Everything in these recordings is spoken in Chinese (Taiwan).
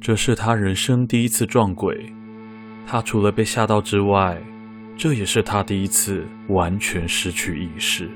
這是他人生第一次撞鬼，他除了被嚇到之外，這也是他第一次完全失去意識。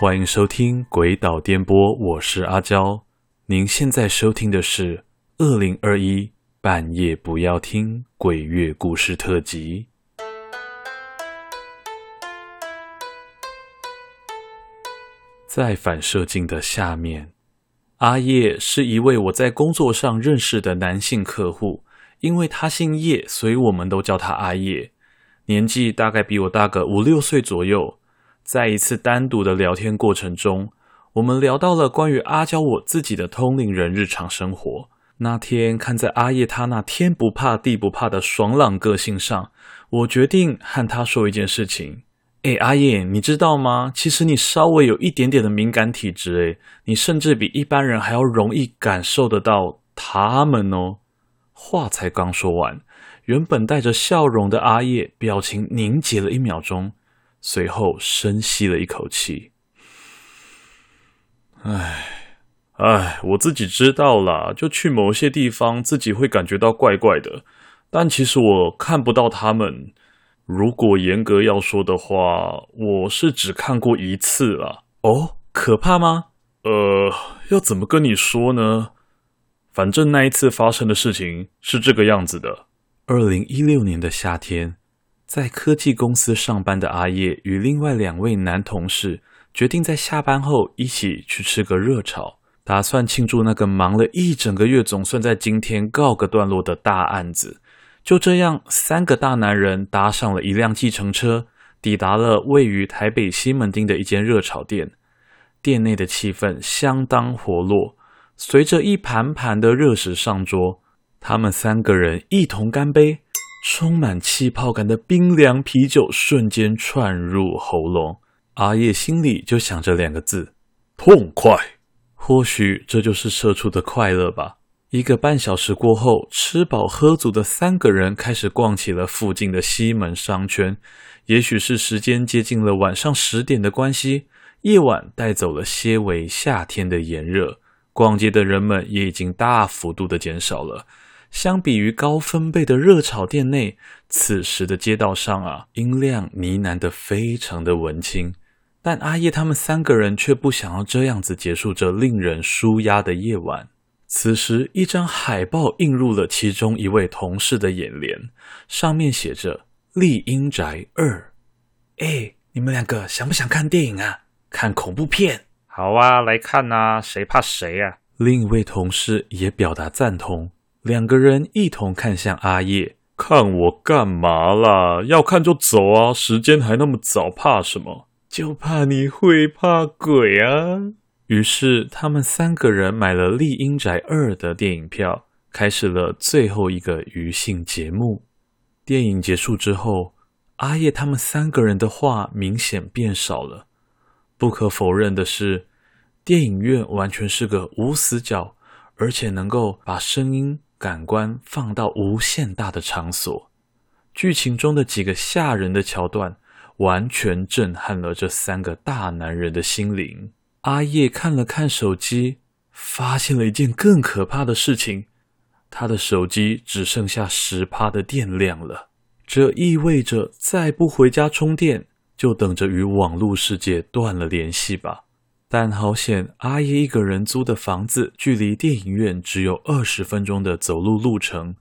歡迎收聽《詭島電波》，我是阿交，您現在收聽的是二零二一半夜不要聽。鬼月故事特輯，在反射鏡的下面。阿葉是一位我在工作上認識的男性客戶，因為他姓葉，所以我們都叫他阿葉。年紀大概比我大個五六歲左右。在一次單獨的聊天過程中，我們聊到了關於阿交、我自己的通靈人日常生活。那天看在阿葉他那天不怕地不怕的爽朗個性上，我決定和他說一件事情。哎，阿葉，你知道嗎？其實你稍微有一點點的敏感體質，哎，你甚至比一般人還要容易感受得到他們哦。話才剛說完，原本帶着笑容的阿葉表情凝結了一秒鐘，隨後深吸了一口氣。唉，我自己知道啦，就去某些地方，自己會感覺到怪怪的。但其實我看不到他們。如果嚴格要說的話，我是只看過一次啦。哦，可怕嗎？呃，要怎麼跟你說呢？反正那一次發生的事情是這個樣子的。二零一六年的夏天，在科技公司上班的阿葉與另外兩位男同事，決定在下班後一起去吃個熱炒。打算慶祝那個忙了一整個月，總算在今天告個段落的大案子。就這樣，三個大男人搭上了一輛計程車，抵達了位於台北西門町的一間熱炒店。店內的氣氛相當活絡，隨着一盤盤的熱食上桌，他們三個人一同乾杯。充滿氣泡感的冰涼啤酒瞬間竄入喉嚨，阿葉心裡就想着兩個字：痛快。或許這就是社畜的快樂吧。一個半小時過後，吃飽喝足的三個人開始逛起了附近的西門商圈。也許是時間接近了晚上十點的關係，夜晚帶走了些微夏天的炎熱，逛街的人們也已經大幅度的減少了。相比於高分貝的熱炒店內，此時的街道上啊，音量呢喃的非常的文青。但阿葉他們三個人卻不想要這樣子結束這令人舒壓的夜晚。此時，一張海報映入了其中一位同事的眼簾，上面寫着《厲陰宅二》。哎、欸，你們兩個想不想看電影啊？看恐怖片？好啊，來看吶、啊，誰怕誰啊？另一位同事也表達贊同，兩個人一同看向阿葉，看我幹嘛啦？要看就走啊，時間還那麼早，怕什麼？就怕你會怕鬼啊！於是他們三個人買了《厲陰宅2》的電影票，開始了最後一個餘興節目。電影結束之後，阿葉他們三個人的話明顯變少了。不可否認的是，電影院完全是個無死角，而且能夠把聲音感官放到無限大的場所。劇情中的幾個嚇人的橋段，完全震撼了這三個大男人的心靈。阿葉看了看手機，發現了一件更可怕的事情：他的手機只剩下十趴的電量了。這意味着再不回家充電，就等着與網絡世界斷了聯繫吧。但好險，阿葉一個人租的房子距離電影院只有二十分鐘的走路路程。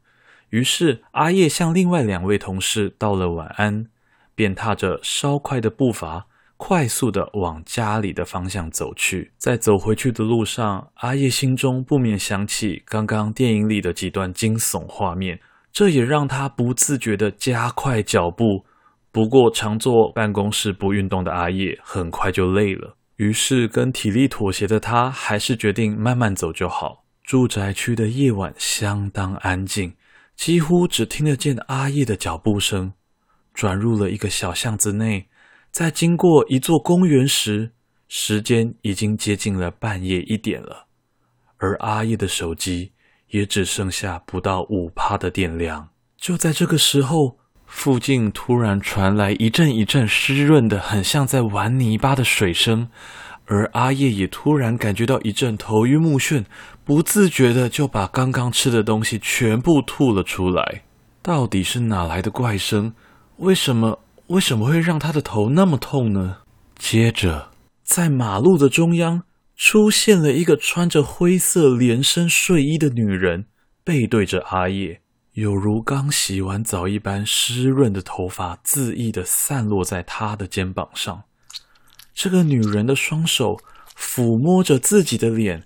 於是，阿葉向另外兩位同事道了晚安。便踏着稍快的步伐，快速的往家裡的方向走去。在走回去的路上，阿葉心中不免想起剛剛電影裡的幾段驚悚畫面，這也讓他不自覺的加快腳步。不過，常坐辦公室不運動的阿葉很快就累了，於是跟體力妥協的他，還是決定慢慢走就好。住宅區的夜晚相當安靜，幾乎只聽得見阿葉的腳步聲。轉入了一個小巷子內，在經過一座公園時，時間已經接近了半夜一點了，而阿葉的手機也只剩下不到五趴的電量。就在這個時候，附近突然傳來一陣一陣濕潤的、很像在玩泥巴的水聲，而阿葉也突然感覺到一陣頭暈目眩，不自覺的就把剛剛吃的東西全部吐了出來。到底是哪來的怪聲？為什麼，為什麼會讓他的頭那麼痛呢？接着，在馬路的中央出現了一個穿着灰色連身睡衣的女人，背對着阿葉，有如剛洗完澡一般濕潤的頭髮恣意的散落在他的肩膀上。這個女人的雙手撫摸着自己的臉，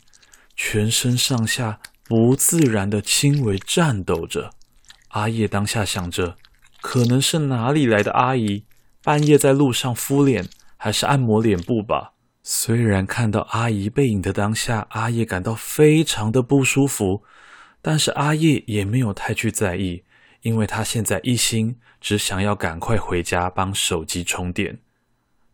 全身上下不自然的輕微顫抖着。阿葉當下想着。可能是哪裡來的阿姨，半夜在路上敷臉，還是按摩臉部吧？雖然看到阿姨背影的當下，阿葉感到非常的不舒服，但是阿葉也沒有太去在意，因為他現在一心只想要趕快回家幫手機充電。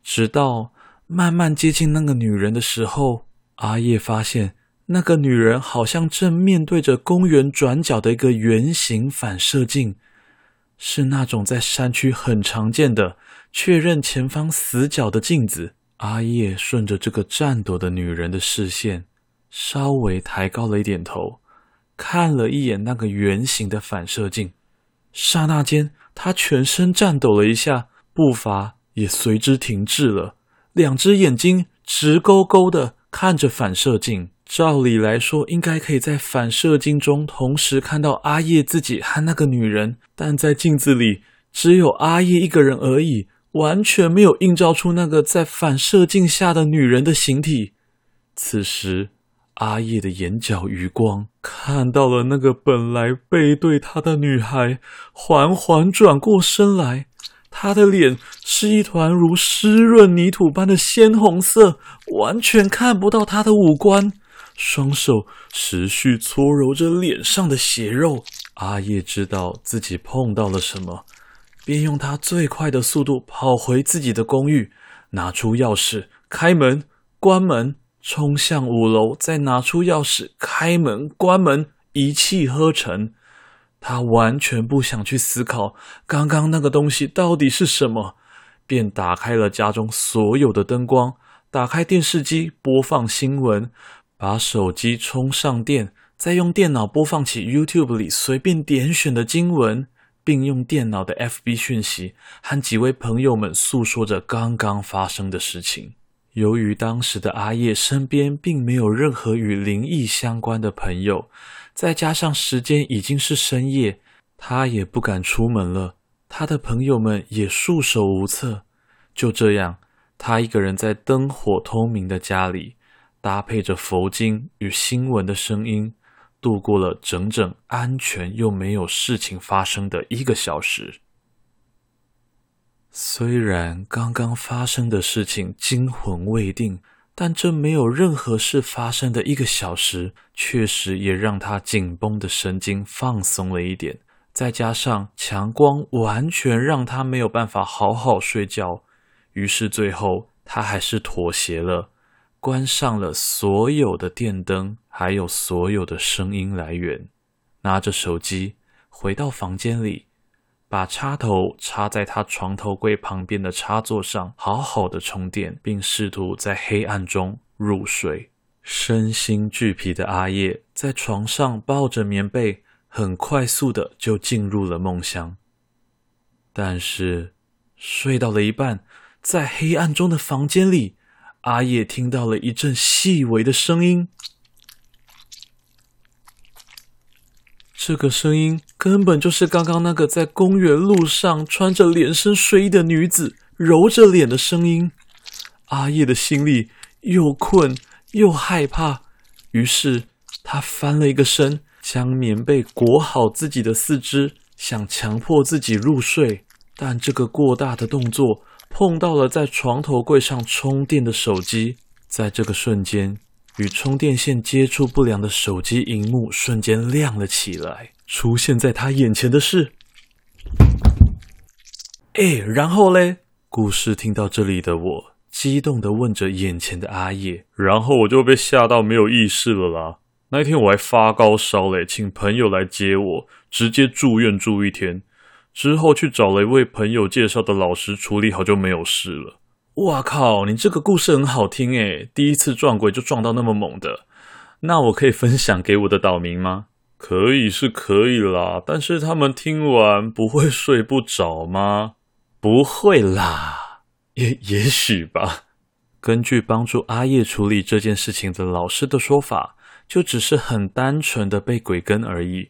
直到慢慢接近那個女人的時候，阿葉發現那個女人好像正面對着公園轉角的一個圓形反射鏡。是那種在山區很常見的確認前方死角的鏡子。阿葉順着這個顫抖的女人的視線，稍微抬高了一點頭，看了一眼那個圓形的反射鏡。剎那間，他全身顫抖了一下，步伐也隨之停滯了，兩只眼睛直勾勾地看着反射鏡。照理來說，應該可以在反射鏡中同時看到阿葉自己和那個女人，但在鏡子裡只有阿葉一個人而已，完全沒有映照出那個在反射鏡下的女人的形體。此時，阿葉的眼角餘光看到了那個本來背對他的女孩緩緩轉過身來，她的臉是一團如濕潤泥土般的鮮紅色，完全看不到她的五官。雙手持續搓揉着臉上的血肉，阿葉知道自己碰到了什麼，便用他最快的速度跑回自己的公寓，拿出鑰匙開門關門，衝向五樓，再拿出鑰匙開門關門，一氣呵成。他完全不想去思考剛剛那個東西到底是什麼，便打開了家中所有的燈光，打開電視機播放新聞。把手機充上電，再用電腦播放起 YouTube 裡隨便點選的經文，並用電腦的 FB 訊息和幾位朋友們訴說着剛剛發生的事情。由於當時的阿葉身邊並沒有任何與靈異相關的朋友，再加上時間已經是深夜，他也不敢出門了。他的朋友們也束手無策。就這樣，他一個人在燈火通明的家裡。搭配着佛經與新聞的聲音，度過了整整安全又沒有事情發生的一個小時。雖然剛剛發生的事情驚魂未定，但這沒有任何事發生的一個小時，確實也讓他緊繃的神經放鬆了一點。再加上強光完全讓他沒有辦法好好睡覺，於是最後他還是妥協了。關上了所有的電燈，還有所有的聲音來源，拿着手機回到房間裡，把插頭插在他床頭櫃旁邊的插座上，好好的充電，並試圖在黑暗中入睡。身心俱疲的阿葉在床上抱着棉被，很快速的就進入了夢鄉。但是睡到了一半，在黑暗中的房間裡。阿葉聽到了一陣細微的聲音，這個聲音根本就是剛剛那個在公園路上穿着連身睡衣的女子揉着臉的聲音。阿葉的心裡又困又害怕，於是他翻了一個身，將棉被裹好自己的四肢，想強迫自己入睡，但這個過大的動作。碰到了在床頭櫃上充電的手機，在這個瞬間，與充電線接觸不良的手機熒幕瞬間亮了起來。出現在他眼前的是，誒、欸、然後嘞？故事聽到這裡的我，激動地問着眼前的阿葉。然後我就被嚇到沒有意識了啦。那一天我還發高燒嘞、欸，請朋友來接我，直接住院住一天。之後去找了一位朋友介紹的老師處理好就沒有事了。哇靠！你這個故事很好聽誒，第一次撞鬼就撞到那麼猛的，那我可以分享給我的島民嗎？可以是可以啦，但是他們聽完不會睡不着嗎？不會啦，也也許吧。 根據幫助阿葉處理這件事情的老師的說法，就只是很單純的被鬼跟而已。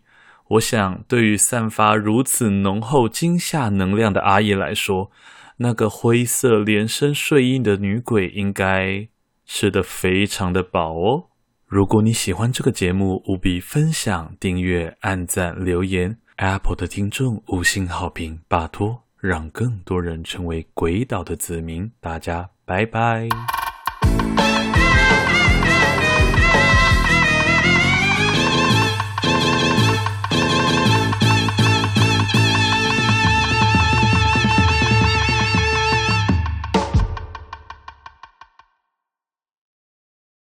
我想，對於散發如此濃厚驚嚇能量的阿姨來說，那個灰色連身睡衣的女鬼應該吃得非常的飽哦。如果你喜歡這個節目，務必分享、訂閱、按讚、留言。Apple 的聽眾五星好評，拜托，讓更多人成為詭島的子民。大家拜拜。